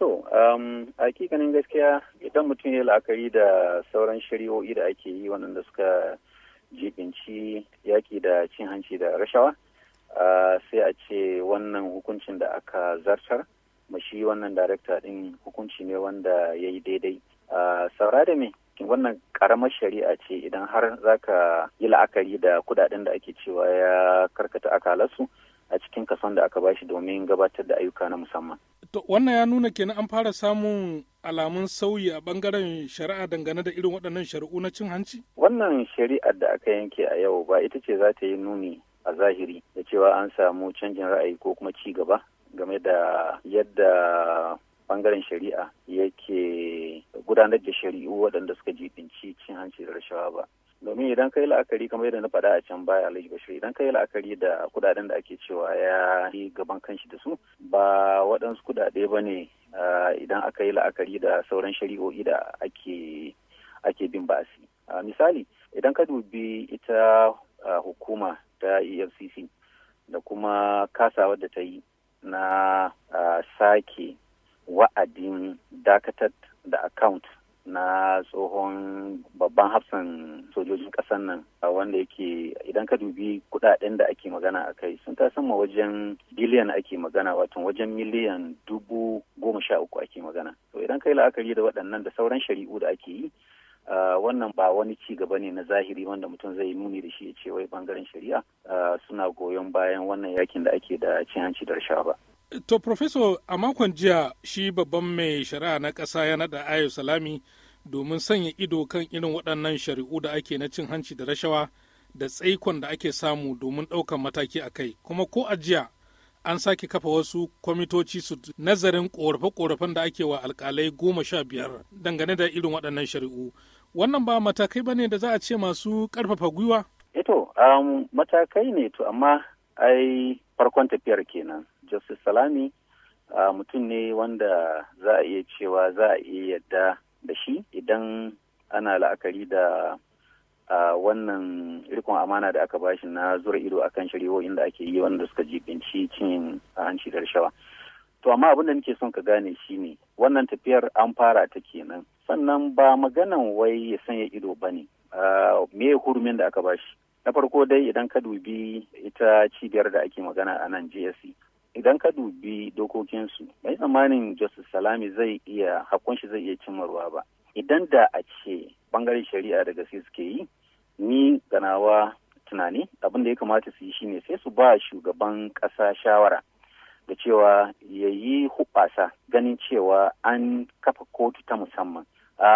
To, um, hakikanin gaskiya idan mutum ya la'akari da sauran shari'o'i da ake yi waɗanda suka jibinci yaƙi da cin hanci da rashawa, sai a ce wannan hukuncin da aka zartar, mashi wannan darakta ɗin hukunci ne wanda ya yi daidai. a saura da me, wannan karamar shari'a ce idan har za ka yi la'akari da kuɗaɗen da ake cewa ya karkata akalarsu a cikin kason da aka bashi domin gabatar da ayyuka na musamman. To wannan ya nuna kenan an fara samun alamun sauyi a bangaren shari'a dangane da irin waɗannan shari'u na cin hanci? Wannan shari'ar da aka yanke a yau ba ita ce za ta yi nuni a zahiri da cewa an samu canjin ra'ayi ko kuma ci gaba game da yadda bangaren shari'a yake gudanar da shari'u waɗanda suka jibinci cin hanci da rashawa ba. domin idan kai la'akari kamar yadda na faɗa a can baya alhaji bashir idan kai la'akari da kuɗaɗen da ake cewa ya yi gaban kanshi da su ba waɗansu kuɗaɗe ba ne idan aka yi la'akari da sauran shari'o'i da ake bin bin basi misali idan ka dubi ita hukuma ta efcc da kuma kasawar da ta yi na sake wa'adin dakatar da account na tsohon babban hafsan sojojin ƙasar nan wanda yake idan ka dubi kudaden da ake magana a kai sun ta sama wajen biliyan ake magana wato wajen miliyan dubu goma sha uku ake magana to idan ka yi la'akari da waɗannan da sauran shari'u da ake yi wannan ba wani ci gaba ne na zahiri wanda mutum zai nuni da shi ya ce wai bangaren shari'a suna goyon bayan wannan yakin da ake da cin hanci da rashawa ba To, Profeso, a makon jiya shi babban mai shari'a na ƙasa ya naɗa Ayo Salami domin sanya ido kan irin waɗannan shari'u da ake na cin hanci da rashawa da tsaikon da ake samu domin ɗaukan mataki a kai. Kuma ko a jiya an sake kafa wasu kwamitoci su nazarin ƙorafe-ƙorafen da ake wa alƙalai goma sha biyar dangane da irin waɗannan shari'u. Wannan ba matakai ba ne da za a ce masu ƙarfafa gwiwa? Ito, eh um, matakai ne to amma ai farkon tafiyar kenan. Justice Salami mutum ne wanda za a iya cewa za a iya yadda da shi idan ana la'akari da wannan rikon amana da aka bashi na zura ido akan shari'o'in da ake yi wanda suka jibinci cin hanci da rashawa. To amma abin da nake son ka gane shi ne wannan tafiyar an fara ta kenan sannan ba maganan wai ya sanya ido ba ne. Me hurumin da aka bashi? Na farko dai idan ka dubi ita cibiyar da ake magana a nan GSE idan ka dubi dokokinsu bai tsammanin justice salami zai iya hakun shi zai iya ruwa ba idan da a ce bangaren shari'a daga sai suke yi ni ganawa tunani abin da ya kamata su yi shine sai su ba shugaban ƙasa shawara da cewa ya yi hubasa ganin cewa an kafa kotu ta musamman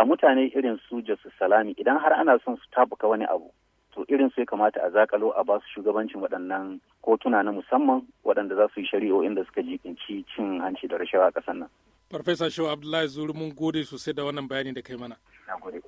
mutane irin su justice salami idan har ana son su tabuka wani abu to irin su ya kamata a zakalo a basu shugabancin waɗannan kotuna na musamman waɗanda za su yi shari'o'in da suka jikinci cin hanci da rashawa a ƙasar nan. Farfesa Shehu Abdullahi Zuru mun gode sosai da wannan bayani da kai mana. Na gode.